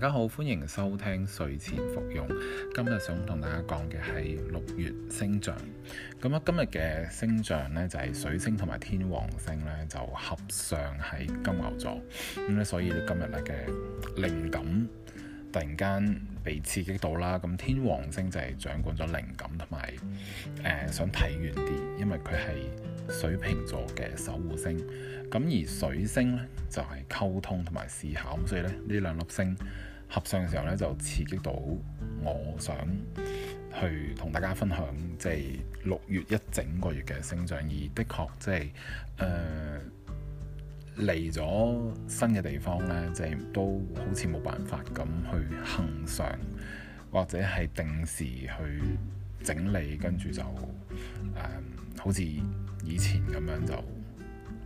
大家好，歡迎收聽睡前服用。今日想同大家講嘅係六月星象。咁啊，今日嘅星象呢，就係、是、水星同埋天王星呢，就合上係金牛座。咁咧，所以你今日咧嘅靈感突然間被刺激到啦。咁天王星就係掌管咗靈感同埋、呃、想睇遠啲，因為佢係水瓶座嘅守護星。咁而水星呢，就係、是、溝通同埋思考，所以呢，呢兩粒星，合相嘅時候咧，就刺激到我想去同大家分享，即係六月一整個月嘅星象。而的確、就是，即係誒嚟咗新嘅地方咧，即、就、係、是、都好似冇辦法咁去行上，或者係定時去整理，跟住就誒、呃、好似以前咁樣就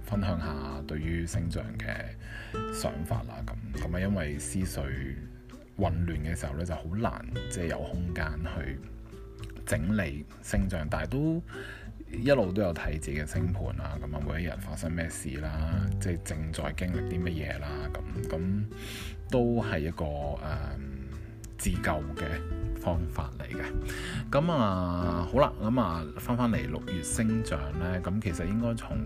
分享下對於星象嘅想法啦。咁咁啊，因為思緒混亂嘅時候咧，就好難即係、就是、有空間去整理星象，但係都一路都有睇自己嘅星盤啦，咁啊每一日發生咩事啦，即、啊、係正在經歷啲乜嘢啦，咁、啊、咁、啊、都係一個誒、啊、自救嘅方法嚟嘅。咁啊好啦，咁啊返返嚟六月星象咧，咁、啊、其實應該從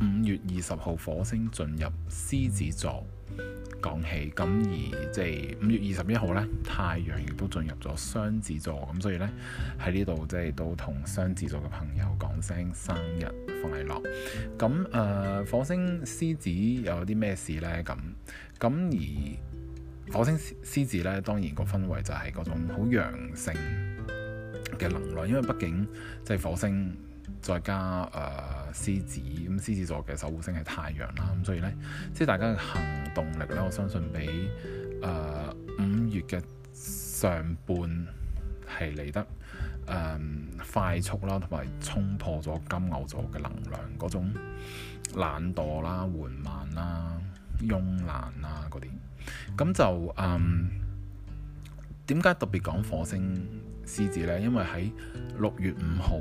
五月二十號火星進入獅子座。講起咁，而即係五月二十一號呢，太陽亦都進入咗雙子座，咁所以呢，喺呢度即係都同雙子座嘅朋友講聲生日快樂。咁誒、嗯嗯呃，火星獅子有啲咩事呢？咁咁而火星獅子呢，當然個氛圍就係嗰種好陽性嘅能量，因為畢竟即係火星再加誒。呃獅子咁，獅子座嘅守護星係太陽啦。咁所以呢，即係大家嘅行動力呢，我相信比誒呃、五月嘅上半係嚟得、呃、快速啦，同埋衝破咗金牛座嘅能量嗰種懶惰啦、緩慢啦、慵懶啦嗰啲。咁就誒點解特別講火星獅子呢？因為喺六月五號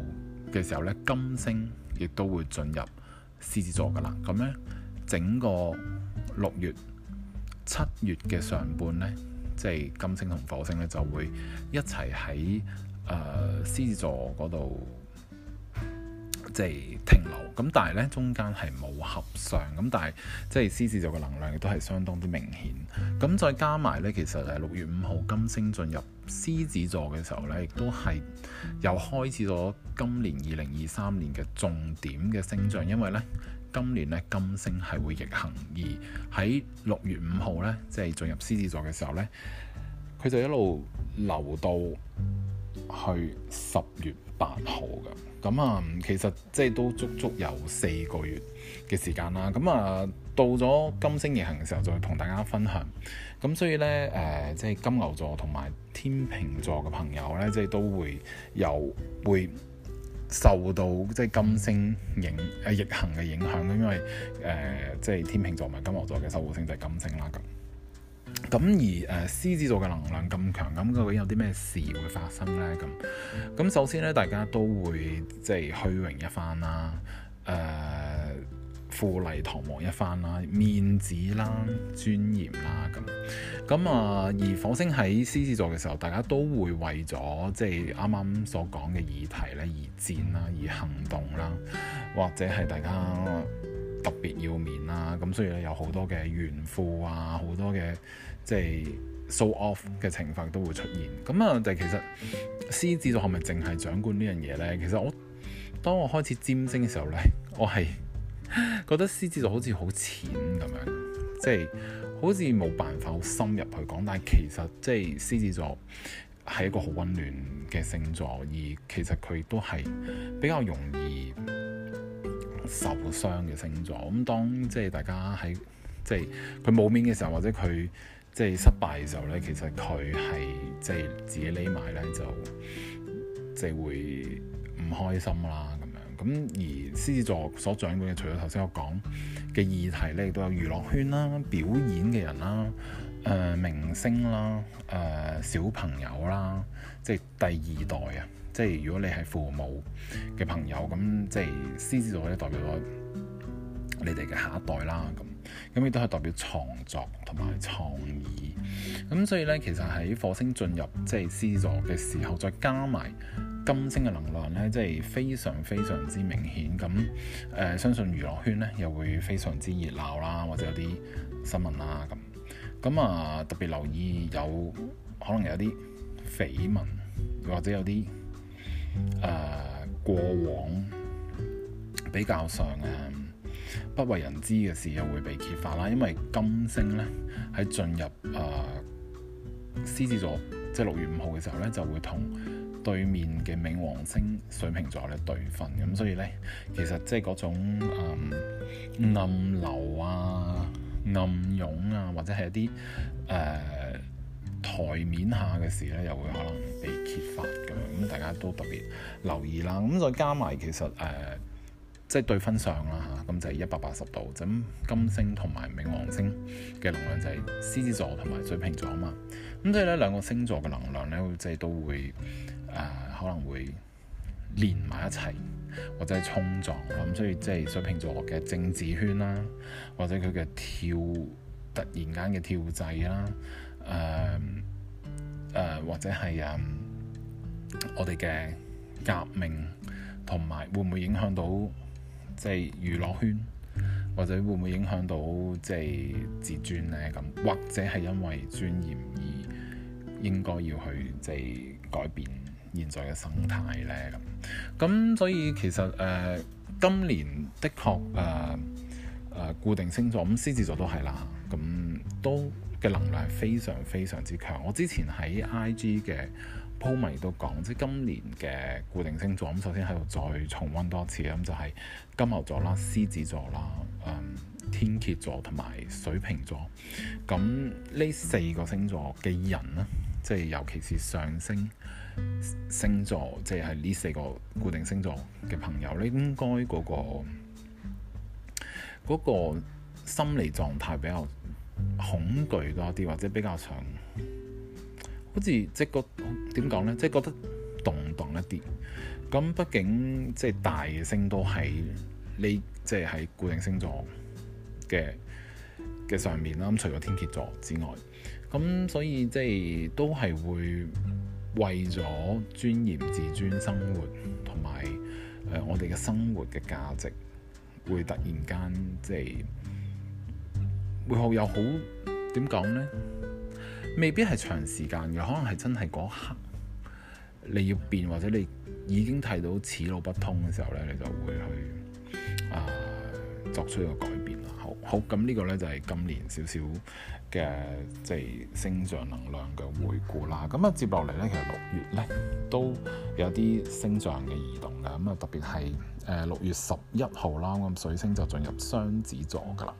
嘅時候呢，金星，亦都會進入獅子座㗎喇，咁咧整個六月、七月嘅上半咧，即係金星同火星咧就會一齊喺誒獅子座嗰度，即係停留，咁但係呢，中間係冇合上，咁但係即係獅子座嘅能量亦都係相當之明顯，咁再加埋呢，其實係六月五號金星進入獅子座嘅時候呢，亦都係又開始咗今年二零二三年嘅重點嘅星象，因為呢，今年呢金星係會逆行，而喺六月五號呢，即係進入獅子座嘅時候呢，佢就一路留到去十月。八號嘅咁啊，其實即係都足足有四個月嘅時間啦。咁啊，到咗金星逆行嘅時候，再同大家分享。咁所以呢，誒，即係金牛座同埋天秤座嘅朋友呢，即係都會有會受到即係金星影誒逆行嘅影響。因為誒，即係天秤座同埋金牛座嘅守護星就係金星啦。咁。咁而誒、呃、獅子座嘅能量咁強，咁究竟有啲咩事會發生呢？咁咁首先呢，大家都會即係虛榮一番啦，誒、呃、富麗堂皇一番啦，面子啦，尊嚴啦，咁咁啊！而火星喺獅子座嘅時候，大家都會為咗即係啱啱所講嘅議題呢而戰啦，而行動啦，或者係大家，特別要面啦、啊，咁所以咧有好多嘅炫富啊，好多嘅即係 show off 嘅情況都會出現。咁啊，但係其實獅子座係咪淨係掌管呢樣嘢呢？其實我當我開始占星嘅時候呢，我係 覺得獅子座好似好淺咁樣，即係好似冇辦法好深入去講。但係其實即係獅子座係一個好温暖嘅星座，而其實佢都係比較容易。受傷嘅星座，咁當即係大家喺即係佢冇面嘅時候，或者佢即係失敗嘅時候咧，其實佢係即係自己匿埋咧，就即係會唔開心啦咁樣。咁而獅子座所掌管嘅，除咗頭先我講嘅議題咧，亦都有娛樂圈啦、表演嘅人啦、誒、呃、明星啦、誒、呃、小朋友啦，即係第二代啊。即係如果你係父母嘅朋友，咁即係獅子座咧，代表咗你哋嘅下一代啦。咁咁亦都係代表創作同埋創意。咁所以咧，其實喺火星進入即係獅子座嘅時候，再加埋金星嘅能量咧，即係非常非常之明顯。咁誒、呃，相信娛樂圈咧又會非常之熱鬧啦，或者有啲新聞啦。咁咁啊，特別留意有可能有啲緋聞，或者有啲。誒、呃，過往比較上誒、啊、不為人知嘅事又會被揭發啦，因為金星咧喺進入誒獅子座，即係六月五號嘅時候咧，就會同對面嘅冥王星水瓶座咧對分，咁所以咧，其實即係嗰種、呃、暗流啊、暗湧啊，或者係一啲誒。呃台面下嘅事咧，又會可能被揭發咁樣，咁大家都特別留意啦。咁再加埋其實誒，即、呃、係、就是、對分上啦嚇，咁就係一百八十度，咁、就是、金星同埋冥王星嘅能量就係獅子座同埋水瓶座啊嘛。咁即係咧兩個星座嘅能量咧，即、就、係、是、都會誒、呃、可能會連埋一齊，或者係衝撞。咁所以即係水瓶座嘅政治圈啦，或者佢嘅跳，突然間嘅跳掣啦。誒誒、uh, uh, 或者係誒、uh, 我哋嘅革命同埋會唔會影響到即係娛樂圈，或者會唔會影響到即係自尊咧？咁或者係因為尊嚴而應該要去即係改變現在嘅生態咧？咁咁所以其實誒、uh, 今年的確誒誒固定星座咁獅子座都係啦，咁都。嘅能量非常非常之強。我之前喺 IG 嘅 po 文都講，即係今年嘅固定星座。咁首先喺度再重温多次咁就係、是、金牛座啦、獅子座啦、誒、嗯、天蠍座同埋水瓶座。咁呢四個星座嘅人咧，即係尤其是上升星、星座，即係呢四個固定星座嘅朋友咧，應該嗰、那個嗰、那個心理狀態比較。恐懼多啲，或者比較長，好似即係嗰點講呢，即係覺得動盪一啲。咁畢竟即係大嘅星都喺，呢，即係喺固定星座嘅嘅上面啦。咁除咗天蠍座之外，咁所以即係都係會為咗尊嚴、自尊、生活同埋，誒，我哋嘅生活嘅價值，會突然間即係。背後又好點講呢？未必係長時間嘅，可能係真係嗰刻你要變，或者你已經睇到此路不通嘅時候呢，你就會去、呃、作出一個改變啦。好好，咁呢個呢，就係、是、今年少少。嘅即係星象能量嘅回顧啦，咁、嗯、啊、嗯、接落嚟呢，其實六月呢都有啲星象嘅移動嘅，咁、嗯、啊特別係誒六月十一號啦，咁、嗯、水星就進入雙子座噶啦，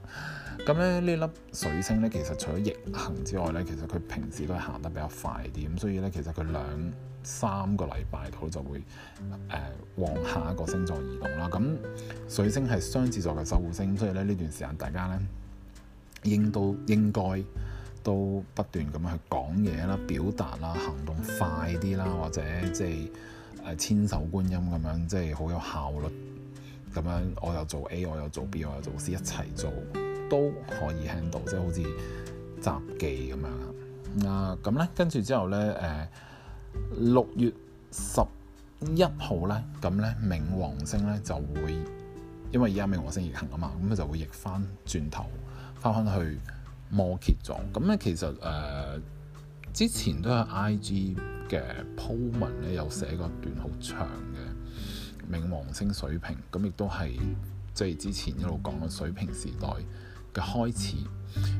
咁咧呢粒水星呢，其實除咗逆行之外呢，其實佢平時都係行得比較快啲，咁所以呢，其實佢兩三個禮拜佢就會、呃、往下一個星座移動啦，咁、嗯、水星係雙子座嘅守護星，所以咧呢段時間大家呢。應都應該都不斷咁樣去講嘢啦、表達啦、行動快啲啦，或者即係誒千手觀音咁樣，即係好有效率咁樣。我又做 A，我又做 B，我又做 C，一齊做都可以 handle 到，即係好似雜技咁樣。啊，咁咧，跟住之後咧，誒、呃、六月十一號咧，咁咧冥王星咧就會因為而家冥王星逆行啊嘛，咁啊就會逆翻轉頭。翻翻去摩羯座，咁咧其實誒、呃、之前都有 IG 嘅鋪文咧，有寫過段好長嘅冥王星水瓶，咁亦都係即係之前一路講嘅水瓶時代嘅開始。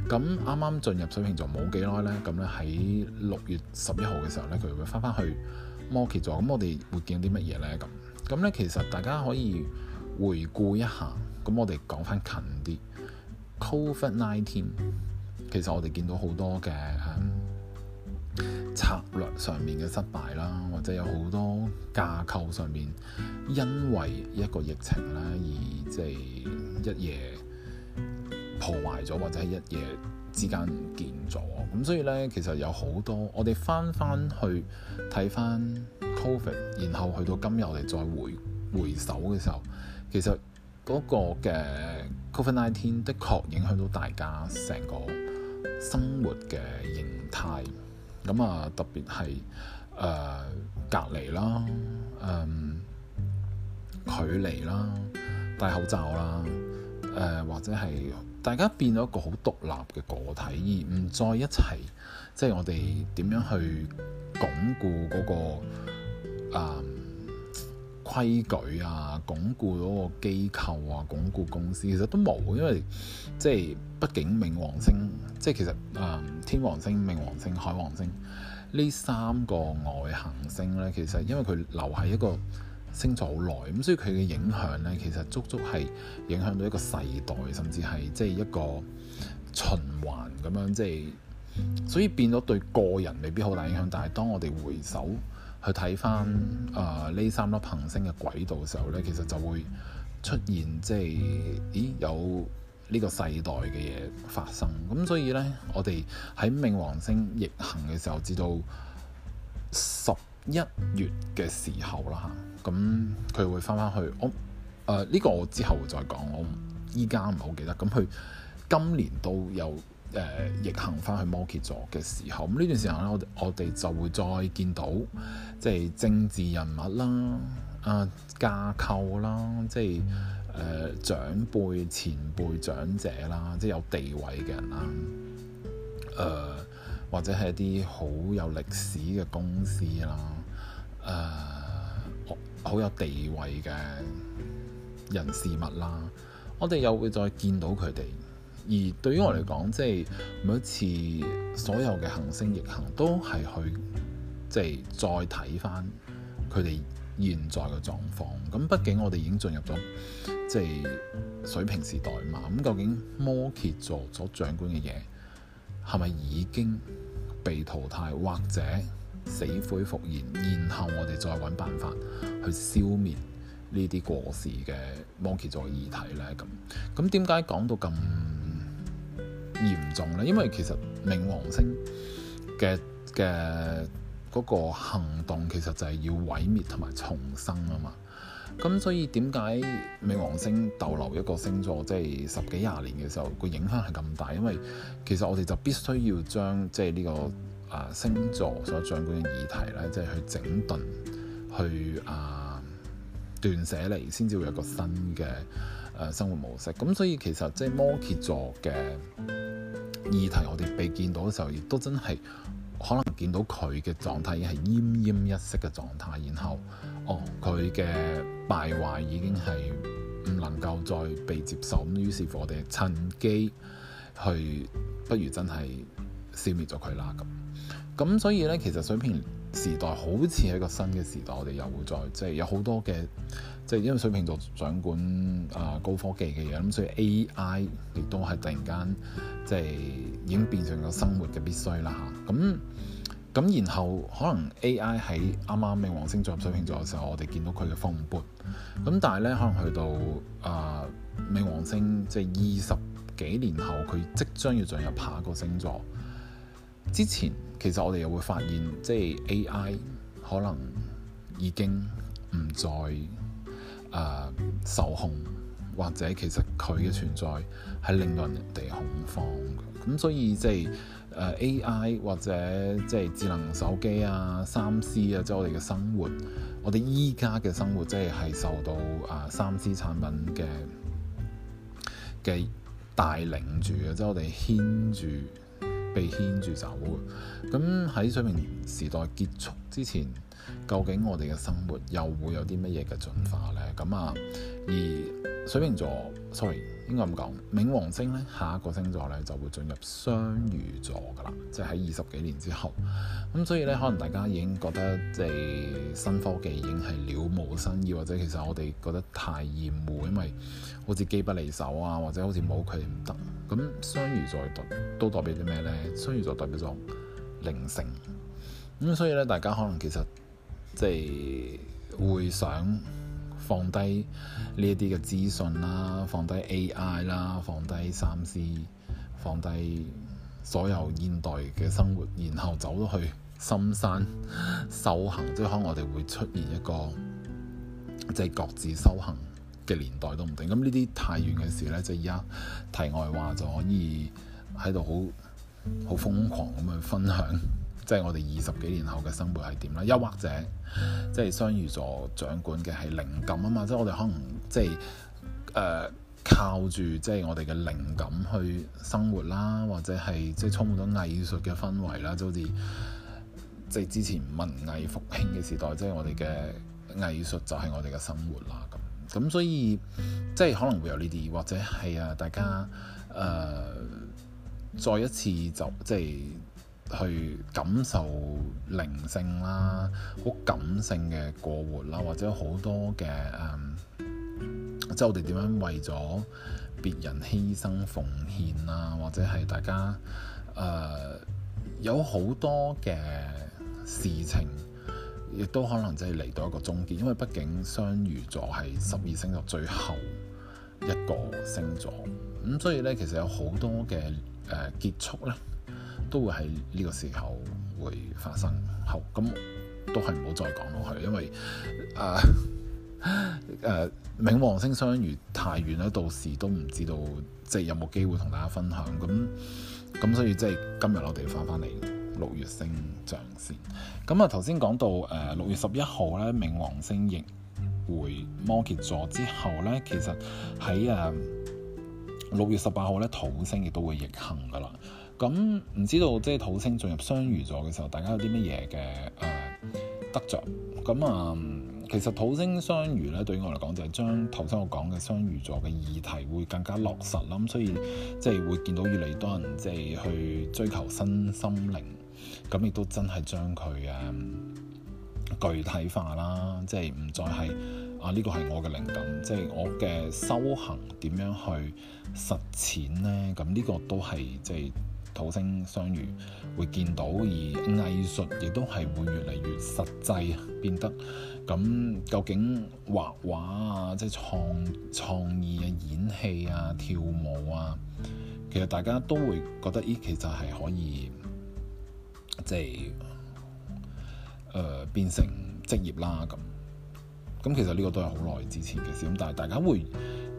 咁啱啱進入水瓶座冇幾耐咧，咁咧喺六月十一號嘅時候咧，佢會翻翻去摩羯座。咁我哋會見到啲乜嘢咧？咁咁咧其實大家可以回顧一下。咁我哋講翻近啲。COVID nineteen 其實我哋見到好多嘅、嗯、策略上面嘅失敗啦，或者有好多架構上面因為一個疫情咧而即係一夜破壞咗，或者係一夜之間唔見咗。咁所以咧，其實有好多我哋翻翻去睇翻 COVID，然後去到今日我哋再回回首嘅時候，其實。嗰個嘅 Covid-19 的確影響到大家成個生活嘅形態，咁啊特別係誒、呃、隔離啦、誒、呃、距離啦、戴口罩啦、誒、呃、或者係大家變咗一個好獨立嘅個體，而唔再一齊，即、就、係、是、我哋點樣去鞏固嗰、那個啊？呃規矩啊，鞏固嗰個機構啊，鞏固公司其實都冇，因為即係畢竟冥王星，即係其實誒天王星、冥王星、海王星呢三個外行星呢，其實因為佢留喺一個星座好耐，咁所以佢嘅影響呢，其實足足係影響到一個世代，甚至係即係一個循環咁樣，即係所以變咗對個人未必好大影響，但係當我哋回首，去睇翻啊呢三粒行星嘅軌道嘅時候咧，其實就會出現即係、就是，咦有呢個世代嘅嘢發生。咁所以咧，我哋喺冥王星逆行嘅時候，至到十一月嘅時候啦嚇，咁佢會翻翻去。我誒呢、呃這個我之後會再講，我依家唔係好記得。咁佢今年都有。誒、呃、逆行翻去摩羯座嘅時候，咁呢段時間咧，我我哋就會再見到，即係政治人物啦、啊架構啦、即係誒、呃、長輩、前輩、長者啦，即係有地位嘅人啦，誒、呃、或者係一啲好有歷史嘅公司啦、誒、呃、好有地位嘅人事物啦，我哋又會再見到佢哋。而對於我嚟講，即係每一次所有嘅行星逆行都係去，即係再睇翻佢哋現在嘅狀況，咁畢竟我哋已經進入咗即係水瓶時代嘛。咁究竟摩羯座所掌管嘅嘢係咪已經被淘汰，或者死灰復燃？然後我哋再揾辦法去消滅呢啲過時嘅摩羯座遺體咧。咁咁點解講到咁？嚴重咧，因為其實冥王星嘅嘅嗰個行動其實就係要毀滅同埋重生啊嘛。咁所以點解冥王星逗留一個星座即係十幾廿年嘅時候，個影響係咁大？因為其實我哋就必須要將即係呢個啊星座所掌管嘅議題咧，即係去整頓，去啊斷捨離，先至會有個新嘅。誒生活模式，咁所以其實即係摩羯座嘅議題，我哋被見到嘅時候，亦都真係可能見到佢嘅狀態已經係奄奄一息嘅狀態，然後哦佢嘅敗壞已經係唔能夠再被接受，咁於是乎我哋趁機去，不如真係消滅咗佢啦咁。咁所以咧，其實水瓶時代好似係一個新嘅時代，我哋又會再即係、就是、有好多嘅。即係因為水瓶座掌管啊、呃、高科技嘅嘢，咁所以 A I 亦都係突然間即係已經變成咗生活嘅必須啦。嚇咁咁，然後可能 A I 喺啱啱冥王星進入水瓶座嘅時候，我哋見到佢嘅風波。咁但係咧，可能去到啊冥、呃、王星即係二十幾年後，佢即將要進入下一個星座之前，其實我哋又會發現，即係 A I 可能已經唔再。啊、呃，受控或者其實佢嘅存在係令到人哋恐慌嘅，咁所以即係誒 AI 或者即係智能手機啊、三 C 啊，即係我哋嘅生活，我哋依家嘅生活即係係受到啊、呃、三 C 產品嘅嘅帶領住嘅，即係我哋牽住被牽住走嘅。咁喺水瓶時代結束之前，究竟我哋嘅生活又會有啲乜嘢嘅進化呢？咁啊，而水瓶座，sorry，應該咁講，冥王星咧下一個星座咧就會進入雙魚座噶啦，即係喺二十幾年之後咁，所以咧可能大家已經覺得即係新科技已經係了無新意，或者其實我哋覺得太厭惡，因為好似機不離手啊，或者好似冇佢唔得。咁雙魚座代都代表啲咩呢？雙魚座代表咗靈性咁，所以咧大家可能其實。即係會想放低呢一啲嘅資訊啦，放低 AI 啦，放低三 C，放低所有現代嘅生活，然後走咗去深山修行，即係可能我哋會出現一個即係各自修行嘅年代都唔定。咁呢啲太遠嘅事咧，即係而家題外話就可以喺度好好瘋狂咁去分享。即係我哋二十幾年後嘅生活係點啦？又或者，即係雙魚座掌管嘅係靈感啊嘛！即係我哋可能即係誒、呃、靠住即係我哋嘅靈感去生活啦，或者係即係充滿咗藝術嘅氛圍啦，就好似即係之前文藝復興嘅時代，即係我哋嘅藝術就係我哋嘅生活啦咁。咁所以即係可能會有呢啲，或者係啊，大家誒、呃、再一次就即係。去感受靈性啦，好感性嘅過活啦，或者好多嘅即係我哋點樣為咗別人犧牲奉獻啊，或者係大家誒、呃、有好多嘅事情，亦都可能即係嚟到一個終結，因為畢竟雙魚座係十二星座最後一個星座，咁、嗯、所以呢，其實有好多嘅誒、呃、結束呢。都會喺呢個時候會發生，好咁、嗯、都係唔好再講落去，因為啊誒、呃呃，冥王星相遇太遠啦，到時都唔知道即係有冇機會同大家分享，咁咁所以即係今日我哋翻翻嚟六月星象先，咁啊頭先講到誒六、呃、月十一號咧冥王星逆回摩羯座之後咧，其實喺誒六月十八號咧土星亦都會逆行噶啦。咁唔知道，即係土星進入雙魚座嘅時候，大家有啲乜嘢嘅誒得着？咁、嗯、啊，其實土星雙魚咧，對於我嚟講就係、是、將頭先我講嘅雙魚座嘅議題會更加落實啦。咁所以即係會見到越嚟越多人即係去追求新心靈，咁亦都真係將佢誒、嗯、具體化啦。即係唔再係啊，呢、這個係我嘅靈感，即係我嘅修行點樣去實踐咧？咁呢個都係即係。土星相遇會見到，而藝術亦都係會越嚟越實際變得。咁究竟畫畫啊，即係創創意啊，演戲啊，跳舞啊，其實大家都會覺得咦、呃，其實係可以即係誒變成職業啦。咁咁其實呢個都係好耐之前嘅事，但係大家會。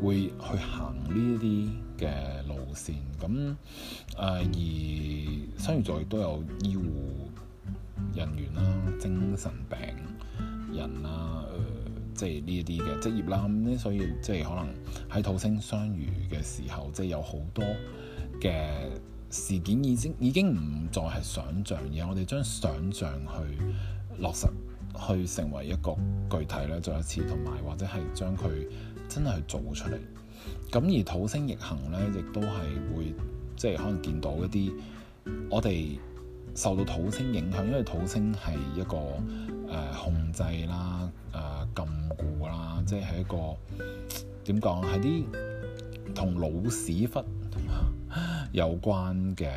會去行呢一啲嘅路線，咁誒、呃、而雙魚座亦都有醫護人員啦、精神病人啦，誒、呃、即係呢一啲嘅職業啦。咁、啊、咧，所以即係可能喺土星雙魚嘅時候，即係有好多嘅事件已經已經唔再係想像而，我哋將想像去落實，去成為一個具體咧。再一次，同埋或者係將佢。真係做出嚟，咁而土星逆行咧，亦都係會即係可能見到一啲我哋受到土星影響，因為土星係一個誒、呃、控制啦、誒、呃、禁錮啦，即係一個點講係啲同老屎忽有關嘅誒、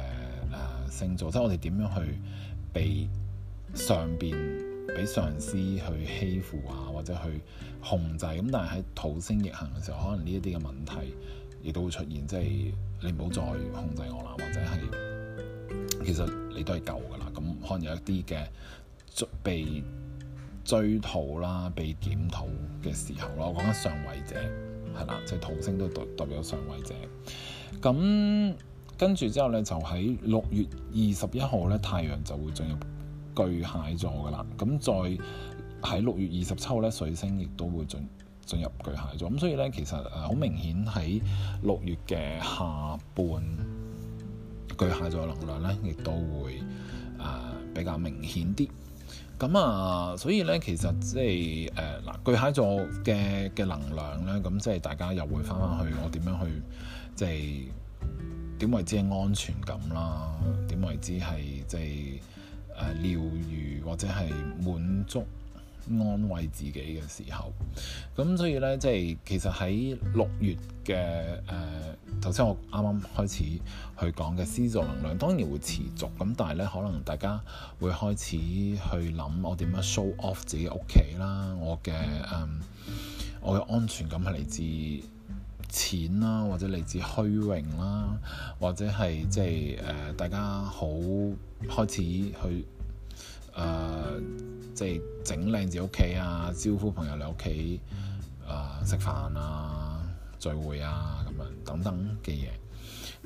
呃、星座，即係我哋點樣去被上邊俾上司去欺負啊，或者去。控制咁，但係喺土星逆行嘅時候，可能呢一啲嘅問題亦都會出現，即係你唔好再控制我啦，或者係其實你都係舊噶啦，咁可能有一啲嘅被追討啦、被檢討嘅時候咯。我講緊上位者係啦，即係土星都代代表上位者。咁跟住之後咧，就喺六月二十一號咧，太陽就會進入巨蟹座噶啦。咁再喺六月二十七號咧，水星亦都會進進入巨蟹座咁，所以咧其實誒好明顯喺六月嘅下半巨蟹座能量咧，亦都會誒、呃、比較明顯啲。咁啊，所以咧其實即係誒嗱，巨蟹座嘅嘅能量咧，咁即係大家又會翻返去我點樣去即係點為之係安全感啦？點為之係即係誒療癒或者係滿足？安慰自己嘅時候，咁所以呢，即係其實喺六月嘅誒，頭、呃、先我啱啱開始去講嘅獅子座能量，當然會持續，咁但係呢，可能大家會開始去諗我點樣 show off 自己屋企啦，我嘅、呃、我嘅安全感係嚟自錢啦，或者嚟自虛榮啦，或者係即係、呃、大家好開始去誒。呃即係整靚自己屋企啊，招呼朋友嚟屋企，啊食飯啊，聚會啊，咁樣等等嘅嘢。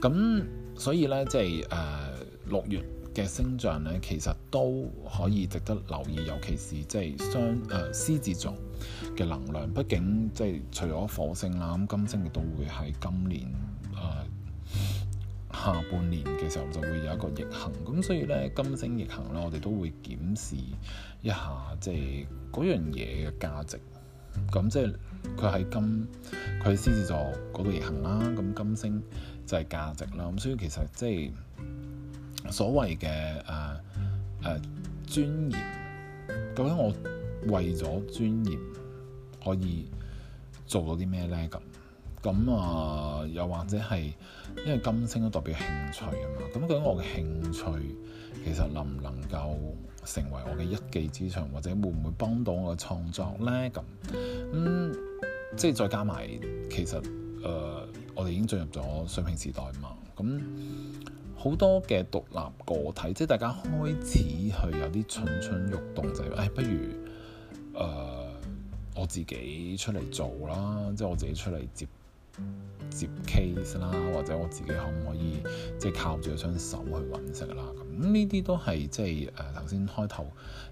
咁所以咧，即係誒、呃、六月嘅星象咧，其實都可以值得留意，尤其是即係雙誒獅子座嘅能量。畢竟即係除咗火星啦，咁金星亦都會，喺今年誒、呃、下半年嘅時候。逆行咁，所以咧金星逆行啦，我哋都會檢視一下，即係樣嘢嘅價值。咁即係佢喺金佢獅子座度逆行啦，咁金星就係價值啦。咁所以其實即係所謂嘅誒誒尊嚴，究竟我為咗尊嚴可以做到啲咩咧咁？咁啊，又或者係因為金星都代表興趣啊嘛，咁究竟我嘅興趣其實能唔能夠成為我嘅一技之長，或者會唔會幫到我嘅創作咧？咁咁、嗯、即係再加埋，其實誒、呃，我哋已經進入咗水瓶時代嘛，咁好多嘅獨立個體，即係大家開始去有啲蠢蠢欲動，就係、是、誒，不如誒、呃、我自己出嚟做啦，即係我自己出嚟接。接 case 啦，或者我自己可唔可以即係靠住雙手去揾食啦？咁呢啲都係即係誒，頭先開頭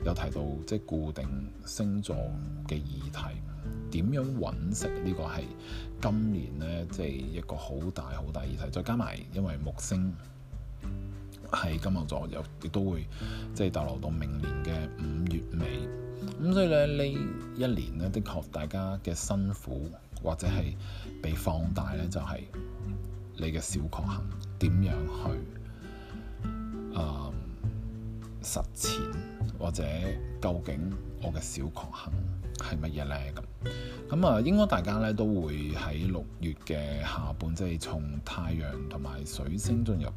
有提到即係固定星座嘅議題，點樣揾食呢個係今年呢，即係一個好大好大議題。再加埋因為木星喺金牛座，又亦都會即係逗留到明年嘅五月尾。咁所以咧呢一年呢，的確大家嘅辛苦。或者係被放大咧，就係、是、你嘅小確幸點樣去啊、呃、實踐，或者究竟我嘅小確幸係乜嘢呢？咁咁啊，應該大家咧都會喺六月嘅下半，即、就、係、是、從太陽同埋水星進入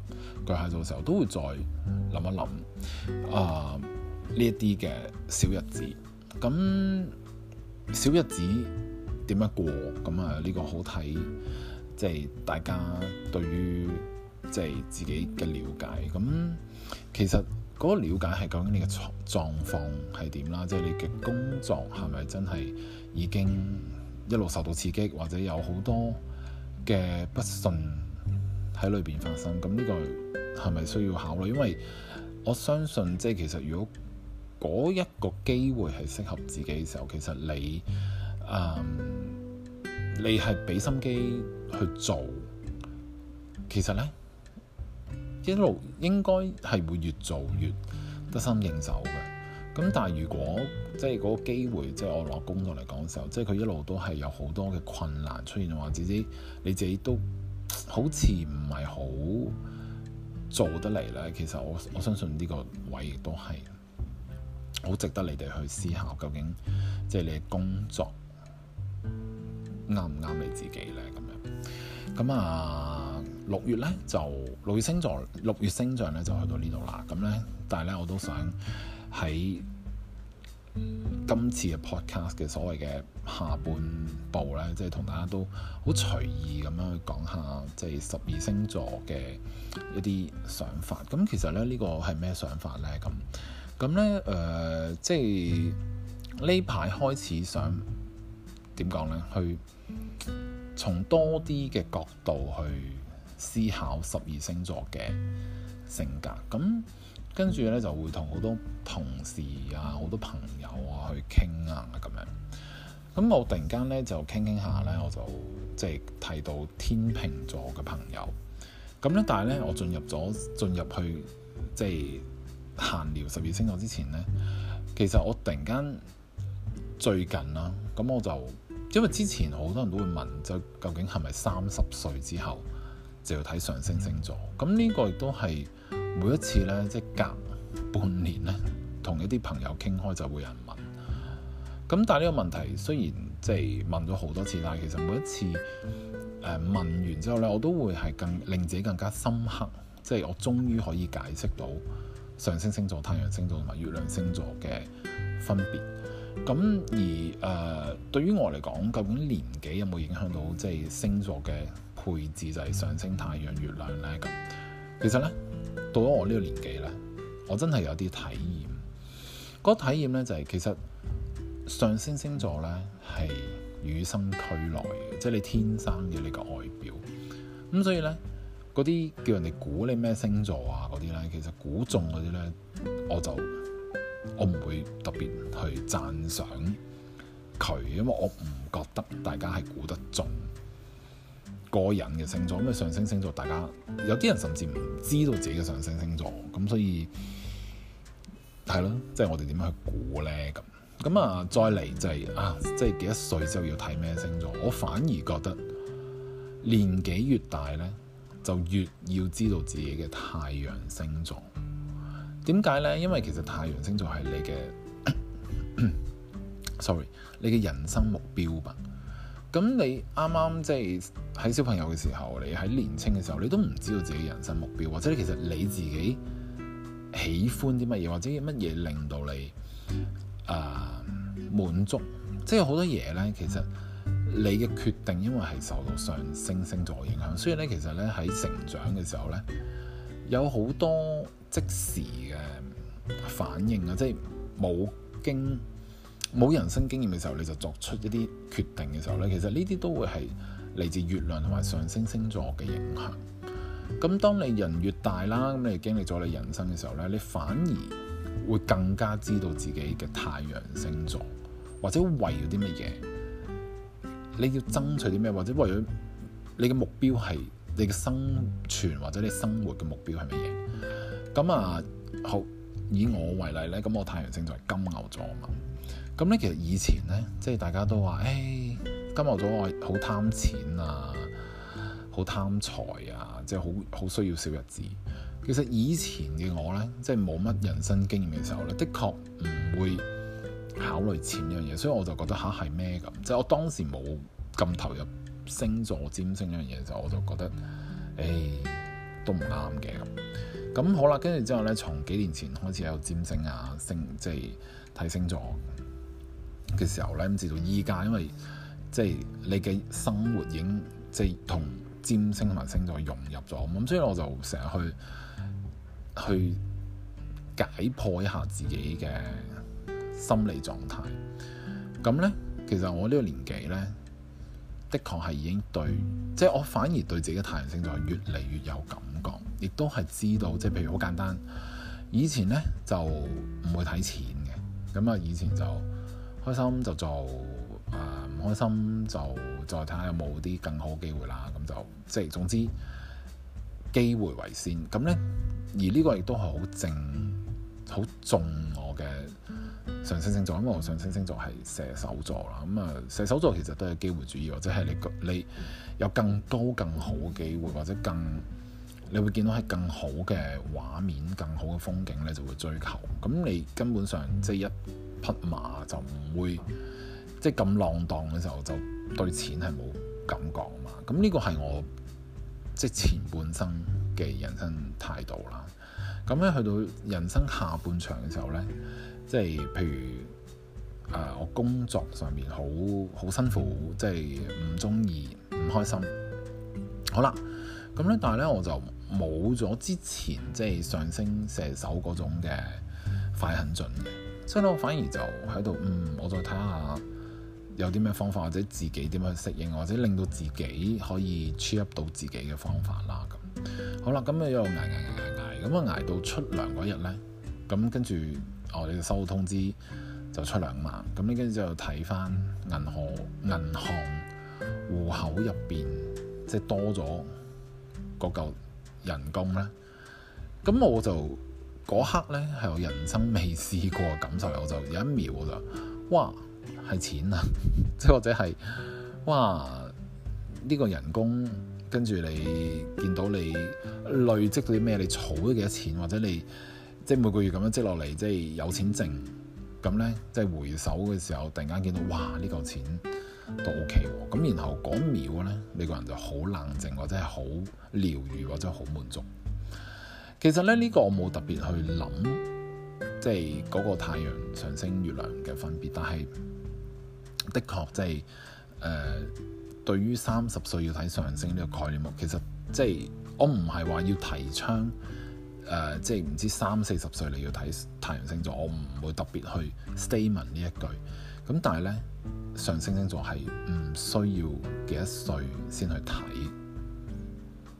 巨蟹座嘅時候，都會再諗一諗啊呢一啲嘅小日子，咁小日子。點樣過咁啊？呢、這個好睇，即係大家對於即係自己嘅了解。咁其實嗰個了解係究竟你嘅狀狀況係點啦，即係你嘅工作係咪真係已經一路受到刺激，或者有好多嘅不順喺裏邊發生？咁、這、呢個係咪需要考慮？因為我相信即係其實如果嗰一個機會係適合自己嘅時候，其實你。嗯，um, 你係畀心機去做，其實呢一路應該係會越做越得心應手嘅。咁但係如果即係嗰個機會，即係我落工作嚟講嘅時候，即係佢一路都係有好多嘅困難出現嘅話，自己你自己都好似唔係好做得嚟呢。其實我我相信呢個位亦都係好值得你哋去思考，究竟即係你嘅工作。啱唔啱你自己咧？咁樣咁啊，六月咧就六月星座，六月星象咧就去到呢度啦。咁咧，但係咧我都想喺今次嘅 podcast 嘅所謂嘅下半部咧，即係同大家都好隨意咁樣去講下，即係十二星座嘅一啲想法。咁其實咧，呢個係咩想法咧？咁咁咧，誒，即係呢排開始想。點講咧？去從多啲嘅角度去思考十二星座嘅性格，咁跟住咧就會同好多同事啊、好多朋友啊去傾啊咁樣。咁我突然間咧就傾傾下咧，我就即係提到天秤座嘅朋友。咁咧，但係咧我進入咗進入去即係閒聊十二星座之前咧，其實我突然間最近啦，咁我就。因為之前好多人都會問，就究竟係咪三十歲之後就要睇上升星座？咁呢個亦都係每一次呢，即係隔半年呢，同一啲朋友傾開就會有人問。咁但係呢個問題雖然即係問咗好多次，但係其實每一次誒問完之後呢，我都會係更令自己更加深刻，即係我終於可以解釋到上升星座、太陽星座同埋月亮星座嘅分別。咁而誒、呃，對於我嚟講，究竟年紀有冇影響到即係星座嘅配置，就係、是、上升太陽月亮呢。咁其實呢，到咗我呢個年紀呢，我真係有啲體驗。嗰、那個、體驗咧就係、是、其實上升星，星座呢，係與生俱來嘅，即係你天生嘅你個外表。咁所以呢，嗰啲叫人哋估你咩星座啊嗰啲呢，其實估中嗰啲呢，我就。我唔會特別去讚賞佢，因為我唔覺得大家係估得中個人嘅星座。咁啊上升星座，大家有啲人甚至唔知道自己嘅上升星座，咁所以係咯，即係我哋點樣去估呢？咁。咁啊，再嚟就係啊，即係幾多歲之後要睇咩星座？我反而覺得年紀越大呢，就越要知道自己嘅太陽星座。點解呢？因為其實太陽星座係你嘅 ，sorry，你嘅人生目標吧。咁你啱啱即係喺小朋友嘅時候，你喺年青嘅時候，你都唔知道自己人生目標，或者其實你自己喜歡啲乜嘢，或者乜嘢令到你啊、呃、滿足。即係好多嘢呢，其實你嘅決定因為係受到上升星座影響，所以呢其實呢喺成長嘅時候呢，有好多，即時嘅反應啊，即係冇經冇人生經驗嘅時候，你就作出一啲決定嘅時候咧，其實呢啲都會係嚟自月亮同埋上升星座嘅影響。咁當你人越大啦，咁你經歷咗你人生嘅時候咧，你反而會更加知道自己嘅太陽星座，或者為咗啲乜嘢，你要爭取啲咩，或者為咗你嘅目標係你嘅生存或者你生活嘅目標係乜嘢？咁啊，好以我為例咧，咁我太陽星座係金牛座啊嘛。咁咧其實以前咧，即係大家都話，誒、欸、金牛座我好貪錢啊，好貪財啊，即係好好需要小日子。其實以前嘅我咧，即係冇乜人生經驗嘅時候咧，的確唔會考慮錢呢樣嘢，所以我就覺得嚇係咩咁？即係、就是、我當時冇咁投入星座占星呢樣嘢，嘅時候，我就覺得，誒、欸、都唔啱嘅。咁好啦，跟住之後咧，從幾年前開始有占星啊，星即係睇星座嘅時候咧，咁至到依家，因為即係你嘅生活已經即係同占星同埋星座融入咗，咁所以我就成日去去解破一下自己嘅心理狀態。咁咧，其實我呢個年紀咧，的確係已經對，即係我反而對自己嘅太陽星座越嚟越有感覺，亦都係知道，即係譬如好簡單，以前呢就唔會睇錢嘅，咁啊以前就開心就做，啊、呃、唔開心就再睇下有冇啲更好機會啦，咁就即係總之機會為先，咁呢，而呢個亦都係好正，好重我嘅。上升星座，因為我上升星座係射手座啦。咁啊，射手座其實都係機會主義，或者係你你有更高更好嘅機會，或者更你會見到喺更好嘅畫面、更好嘅風景咧，你就會追求。咁你根本上即係一匹馬就唔會即係咁浪蕩嘅時候，就對錢係冇感覺啊嘛。咁呢個係我即係前半生嘅人生態度啦。咁咧去到人生下半場嘅時候咧。即係譬如啊、呃，我工作上面好好辛苦，即係唔中意唔開心，好啦。咁咧，但係咧我就冇咗之前即係上升射手嗰種嘅快狠準嘅，所以咧我反而就喺度嗯，我再睇下有啲咩方法或者自己點樣去適應，或者令到自己可以 cheer up 到自己嘅方法啦。咁好啦，咁啊又捱捱捱捱捱咁啊捱，捱到出糧嗰日咧，咁跟住。我、哦、你收通知就出兩萬，咁你跟住就睇翻銀行銀行戶口入邊即係多咗嗰嚿人工咧，咁我就嗰刻咧係我人生未試過嘅感受，我就有一秒我就哇係錢啊！ 即係或者係哇呢、呢個人工跟住你見到你累積咗啲咩，你儲咗幾多錢，或者你？即係每個月咁樣積落嚟，即係有錢剩，咁咧即係回首嘅時候，突然間見到哇呢嚿、這個、錢都 OK 喎、哦，咁然後嗰秒咧，你個人就好冷靜或者係好療愈或者好滿足。其實咧呢、這個我冇特別去諗，即係嗰個太陽上升、月亮嘅分別，但係的確即係誒、呃、對於三十歲要睇上升呢個概念，其實即係我唔係話要提倡。誒、呃，即係唔知三四十歲你要睇太陽星座，我唔會特別去 statement 呢一句。咁但係呢，上升星座係唔需要幾多歲先去睇，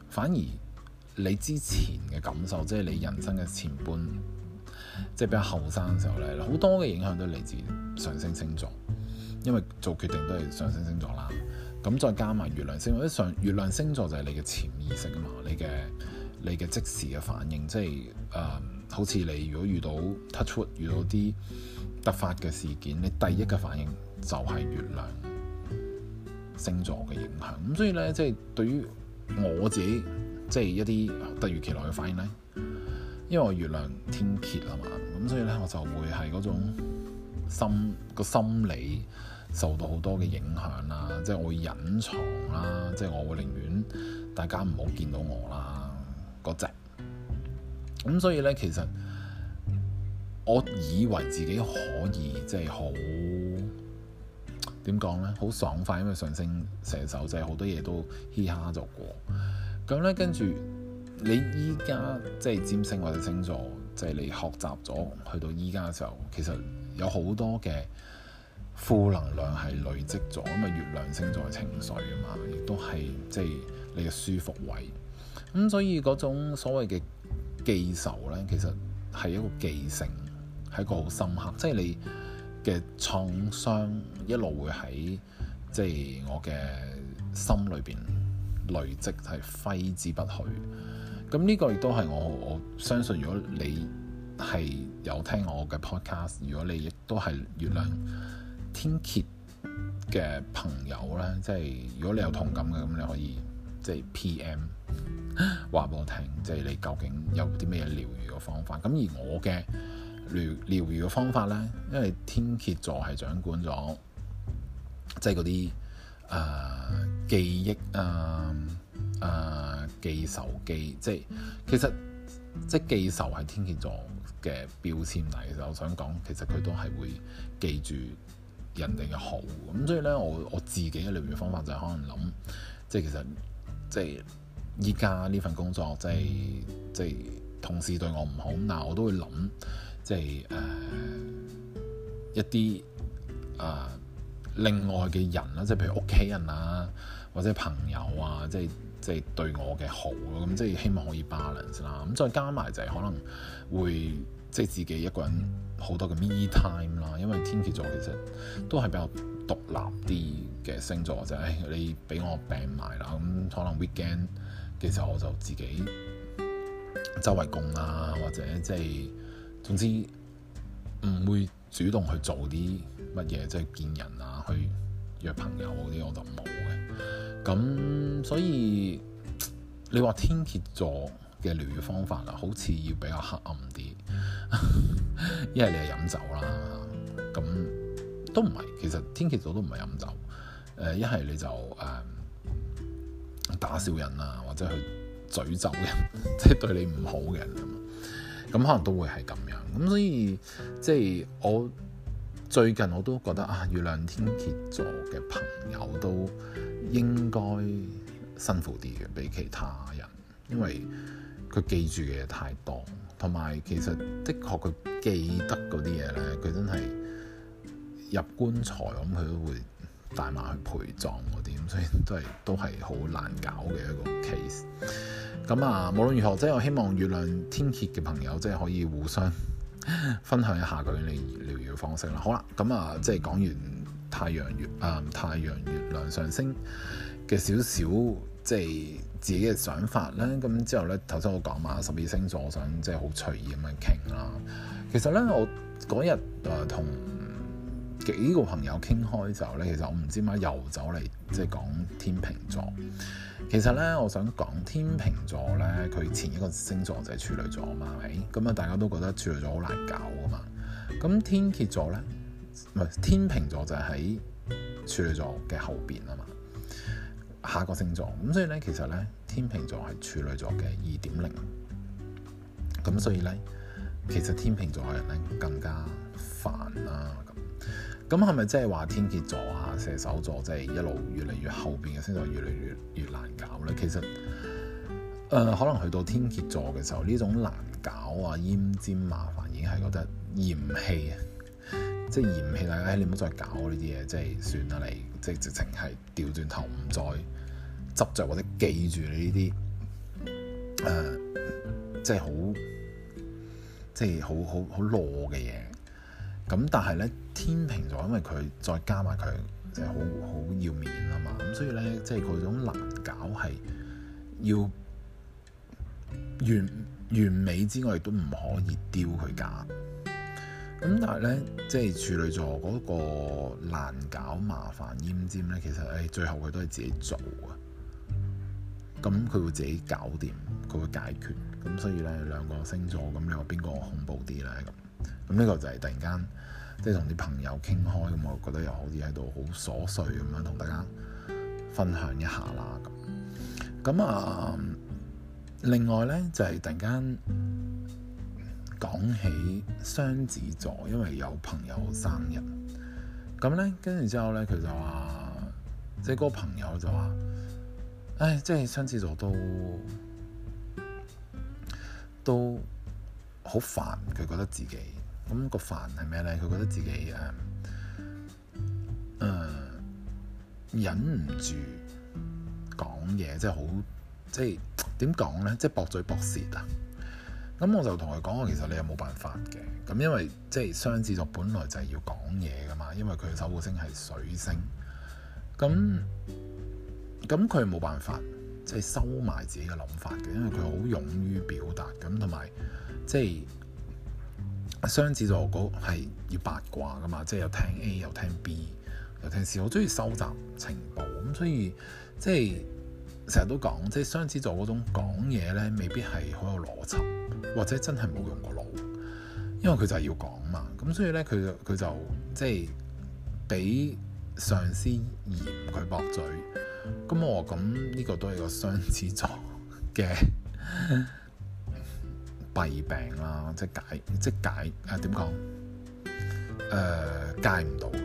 反而你之前嘅感受，即係你人生嘅前半，即係比較後生嘅時候呢，好多嘅影響都嚟自上升星座，因為做決定都係上升星座啦。咁再加埋月亮星座，上月亮星座就係你嘅潛意識啊嘛，你嘅。你嘅即時嘅反應，即係誒、呃、好似你如果遇到 touch wood，遇到啲突發嘅事件，你第一嘅反應就係月亮星座嘅影響，咁。所以咧，即係對於我自己，即係一啲突如其來嘅反應咧，因為我月亮天蠍啊嘛，咁所以咧，我就會係嗰種心、個心理受到好多嘅影響啦，即係我會隱藏啦，即係我會寧願大家唔好見到我啦。那個咁所以咧，其實我以為自己可以即係好，點講咧？好爽快，因為上升射手就係好多嘢都嘻哈咗過。咁咧跟住你依家即係佔星或者星座，即係你學習咗去到依家嘅時候，其實有好多嘅負能量係累積咗，因為月亮星座嘅情緒啊嘛，亦都係即係你嘅舒服位。咁、嗯、所以嗰種所謂嘅記仇咧，其實係一個記性，係一個好深刻，即係你嘅創傷一路會，喺即係我嘅心裏邊累積係揮之不去。咁呢個亦都係我我相信，如果你係有聽我嘅 podcast，如果你亦都係月亮天蠍嘅朋友咧，即係如果你有同感嘅，咁你可以。即係 P.M. 話俾我聽，即係你究竟有啲咩療愈嘅方法？咁而我嘅療療愈嘅方法咧，因為天蠍座係掌管咗即係嗰啲誒記憶啊誒、呃呃、記仇記，即係其實即係記仇係天蠍座嘅標籤嚟。其實我想講，其實佢都係會記住人哋嘅好，咁，所以咧我我自己嘅療愈方法就係可能諗，即係其實。即係依家呢份工作，即係即係同事對我唔好，嗱我都會諗，即係誒、呃、一啲啊、呃、另外嘅人啦，即係譬如屋企人啊，或者朋友啊，即係即係對我嘅好咯，咁即係希望可以 balance 啦。咁再加埋就係可能會即係自己一個人好多嘅 me time 啦，因為天蠍座其實都係比較。獨立啲嘅星座就係你俾我病埋啦，咁可能 weekend 嘅時候我就自己周圍供啦、啊，或者即、就、係、是、總之唔會主動去做啲乜嘢，即、就、係、是、見人啊，去約朋友嗰、啊、啲我就冇嘅。咁所以你話天蠍座嘅療愈方法啦、啊，好似要比較黑暗啲，一 係你係飲酒啦，咁。都唔係，其實天蠍座都唔係飲酒，誒、呃，一係你就誒、呃、打小人啊，或者去詛咒人，即 係對你唔好嘅，人。咁可能都會係咁樣。咁所以即係、就是、我最近我都覺得啊，月亮天蠍座嘅朋友都應該辛苦啲嘅，比其他人，因為佢記住嘅嘢太多，同埋其實的確佢記得嗰啲嘢咧，佢真係。入棺材咁佢都會帶埋去陪葬嗰啲，咁所以都係都係好難搞嘅一個 case。咁啊，無論如何，即係我希望月亮天蠍嘅朋友即係可以互相分享一下佢哋療愈方式啦。好啦，咁啊，即係講完太陽月啊、呃、太陽月亮上升嘅少少即係自己嘅想法啦。咁之後咧，頭先我講話十二星座，我想即係好隨意咁樣傾啦。其實咧，我嗰日啊同，呃幾個朋友傾開就咧，其實我唔知點解又走嚟即係講天秤座。其實咧，我想講天秤座咧，佢前一個星座就係處女座啊，嘛，咪，咁啊，大家都覺得處女座好難搞㗎嘛。咁天蠍座咧，唔係天秤座就係喺啲處女座嘅後邊啊嘛。下一個星座咁，所以咧其實咧，天秤座係處女座嘅二點零咁，所以咧其實天秤座嘅人咧更加煩啦、啊。咁係咪即係話天蠍座啊、射手座，即係一路越嚟越後邊嘅星座越嚟越越難搞咧？其實，誒，可能去到天蠍座嘅時候，呢種難搞啊、奄尖麻煩，已經係覺得嫌棄啊，即係嫌棄大家，你唔好再搞呢啲嘢，即係算啦，你即係直情係調轉頭唔再執着或者記住呢啲，誒，即係好，即係好好好囉嘅嘢。咁但係咧天秤座，因為佢再加埋佢，就係好好要面啊嘛，咁所以咧，即係佢種難搞係要完完美之外，亦都唔可以丟佢架。咁但係咧，即係處女座嗰個難搞麻煩奄尖咧，其實誒、哎、最後佢都係自己做啊。咁佢會自己搞掂，佢會解決。咁所以咧兩個星座咁，你話邊個恐怖啲咧咁？咁呢個就係突然間，即係同啲朋友傾開咁，我覺得又好似喺度好瑣碎咁樣同大家分享一下啦。咁咁啊，另外咧就係突然間講起雙子座，因為有朋友生日。咁咧，跟住之後咧，佢就話，即係嗰個朋友就話，唉，即係雙子座都都。好煩，佢覺得自己咁、那個煩係咩呢？佢覺得自己誒、呃、忍唔住講嘢，即係好即係點講呢？即係駁嘴駁舌啊！咁我就同佢講，我其實你又冇辦法嘅。咁因為即係雙子座，本來就係要講嘢噶嘛。因為佢嘅守護星係水星，咁咁佢冇辦法即係收埋自己嘅諗法嘅，因為佢好勇於表達咁，同埋。即係雙子座嗰係要八卦噶嘛，即係又聽 A 又聽 B 又聽 C，我中意收集情報，咁、嗯、所以即係成日都講，即係雙子座嗰種講嘢咧，未必係好有邏輯，或者真係冇用過腦，因為佢就係要講嘛，咁所以咧佢就佢就即係俾上司嫌佢駁嘴，咁我咁呢個都係個雙子座嘅。 弊病啦，即係解，即係解，誒點講？誒、呃，戒唔到嘅，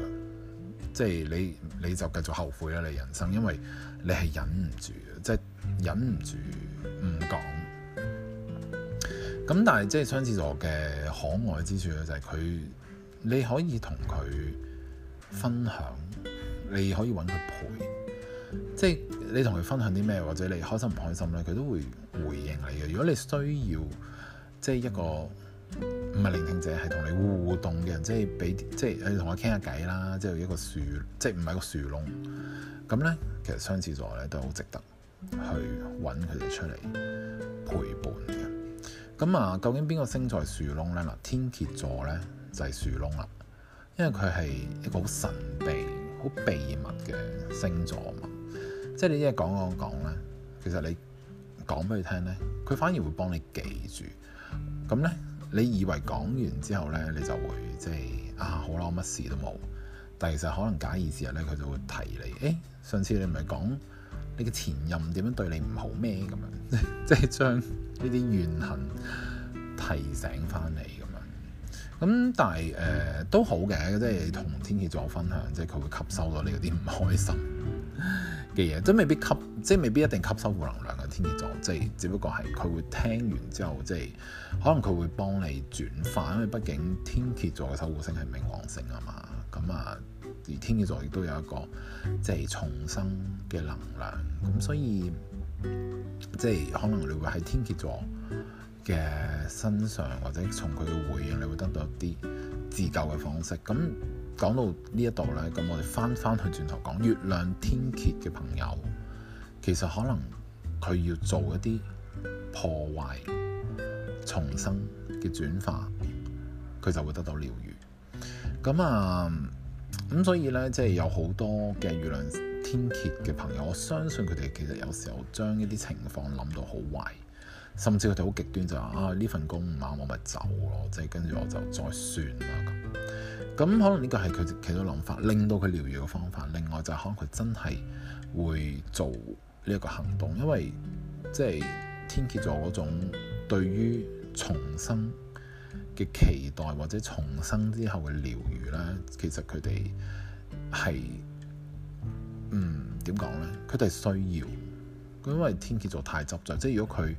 即係你你就繼續後悔啦，你人生，因為你係忍唔住，即係忍唔住唔講。咁但係即係雙子座嘅可愛之處咧，就係佢，你可以同佢分享，你可以搵佢陪，即係你同佢分享啲咩，或者你開心唔開心咧，佢都會回應你嘅。如果你需要，即係一個唔係聆聽者，係同你互動嘅人，即係俾即係去同我傾下偈啦。即係一個樹，即係唔係個樹窿咁咧。其實雙子座咧都好值得去揾佢哋出嚟陪伴嘅。咁啊，究竟邊個星座係樹窿咧嗱？天蠍座咧就係樹窿啦，因為佢係一個好神秘、好秘密嘅星座嘛。即係你講一嘢講講講咧，其實你講俾佢聽咧，佢反而會幫你記住。咁咧，你以為講完之後咧，你就會即係啊，好啦，我乜事都冇。但係其實可能假以時日咧，佢就會提你。誒、欸，上次你唔係講你嘅前任點樣對你唔好咩？咁樣 即係將呢啲怨恨提醒翻你咁樣。咁但係誒、呃、都好嘅，即係同天蠍座分享，即係佢會吸收到你嗰啲唔開心。 嘅嘢，都未必吸，即係未必一定吸收負能量嘅天蠍座，即係只不過係佢會聽完之後，即係可能佢會幫你轉化，因為畢竟天蠍座嘅守護星係冥王星啊嘛，咁啊，而天蠍座亦都有一個即係重生嘅能量，咁所以即係可能你會喺天蠍座嘅身上，或者從佢嘅回應你會得到一啲自救嘅方式，咁。講到呢一度呢，咁我哋翻翻去轉頭講月亮天蠍嘅朋友，其實可能佢要做一啲破壞重生嘅轉化，佢就會得到療愈。咁啊，咁所以呢，即係有好多嘅月亮天蠍嘅朋友，我相信佢哋其實有時候將一啲情況諗到好壞。甚至佢哋好極端就話啊，呢份工唔啱我，咪走咯，即係跟住我就再算啦。咁，咁可能呢個係佢其中諗法，令到佢療愈嘅方法。另外就係可能佢真係會做呢一個行動，因為即係天蠍座嗰種對於重生嘅期待或者重生之後嘅療愈咧，其實佢哋係嗯點講咧？佢哋需要，因為天蠍座太執著，即係如果佢。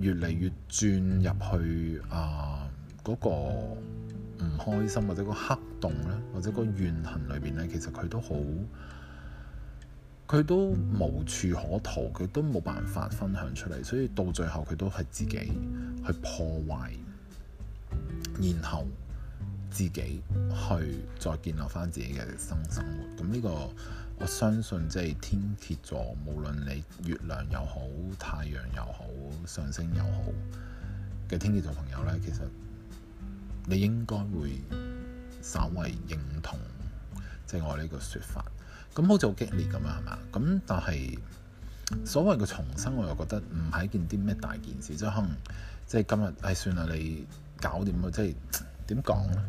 越嚟越轉入去啊嗰、那個唔開心或者個黑洞咧，或者個怨恨裏邊咧，其實佢都好，佢都無處可逃，佢都冇辦法分享出嚟，所以到最後佢都係自己去破壞，然後自己去再建立返自己嘅新生，生活。咁呢、這個。我相信即係天蠍座，無論你月亮又好，太陽又好，上升又好嘅天蠍座朋友咧，其實你應該會稍微認同即係我呢個說法。咁好似好激烈咁樣，係嘛？咁但係所謂嘅重生，我又覺得唔係一件啲咩大件事，即係可能即係今日係，哎，算啦，你搞掂咗，即係點講咧？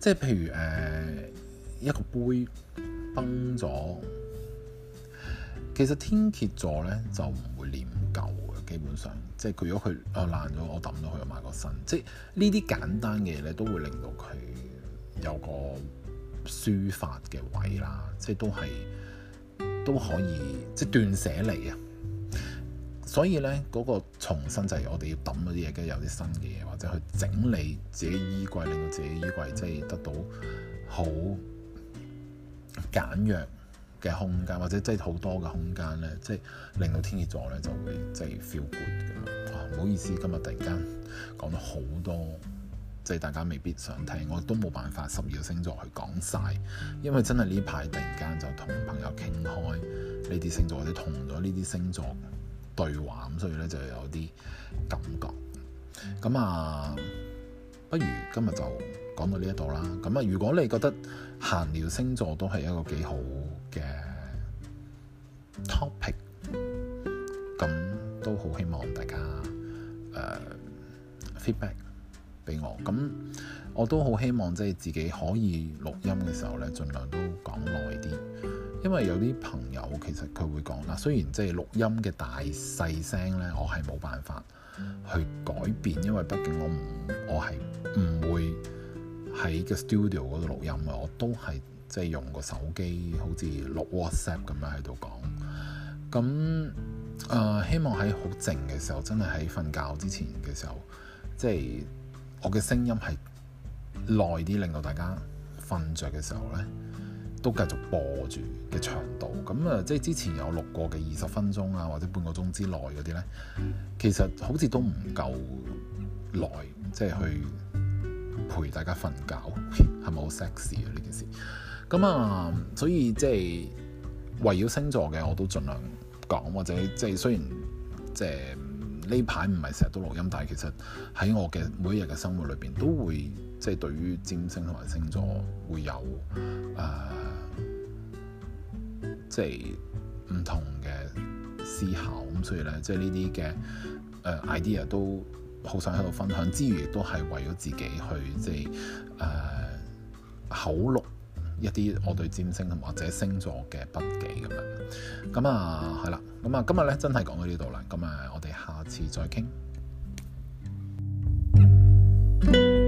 即係譬如誒，一個杯。崩咗，其實天蠍座咧就唔會念舊嘅，基本上即係佢如果佢啊爛咗，我抌咗佢，我買個新，即係呢啲簡單嘅嘢咧都會令到佢有個抒發嘅位啦，即係都係都可以即係斷捨離啊。所以咧嗰個重新就係我哋要抌嗰啲嘢，跟住有啲新嘅嘢，或者去整理自己衣櫃，令到自己衣櫃即係得到好。簡約嘅空間，或者即係好多嘅空間呢，即係令到天蝎座呢就會即係 feel good 嘅。啊，唔好意思，今日突然間講咗好多，即係大家未必想聽，我都冇辦法十二個星座去講晒，因為真係呢排突然間就同朋友傾開呢啲星座，或者同咗呢啲星座對話，咁所以呢，就有啲感覺。咁啊，不如今日就講到呢一度啦。咁啊，如果你覺得，閒聊星座都係一個幾好嘅 topic，咁都好希望大家誒、呃、feedback 俾我，咁我都好希望即係自己可以錄音嘅時候咧，盡量都講耐啲，因為有啲朋友其實佢會講嗱，雖然即係錄音嘅大細聲咧，我係冇辦法去改變，因為畢竟我唔我係唔會。喺個 studio 嗰度錄音啊，我都係即係用個手機，好似錄 WhatsApp 咁樣喺度講。咁誒、呃，希望喺好靜嘅時候，真係喺瞓覺之前嘅時候，即係我嘅聲音係耐啲，令到大家瞓着嘅時候呢，都繼續播住嘅長度。咁啊，即係之前有錄過嘅二十分鐘啊，或者半個鐘之內嗰啲呢，其實好似都唔夠耐，即係去，陪大家瞓覺，係 咪好 sexy 啊？呢件事咁啊，所以即係、就是、圍繞星座嘅我都盡量講，或者即係、就是、雖然即係呢排唔係成日都錄音，但係其實喺我嘅每日嘅生活裏邊，都會即係、就是、對於占星同埋星座會有誒，即係唔同嘅思考咁，所以咧即係呢啲嘅誒 idea 都。好想喺度分享，之餘亦都係為咗自己去即係誒口錄一啲我對占星同或者星座嘅筆記咁樣。咁、嗯嗯、啊，係啦。咁啊，今日咧真係講到呢度啦。咁啊，我哋下次再傾。嗯嗯。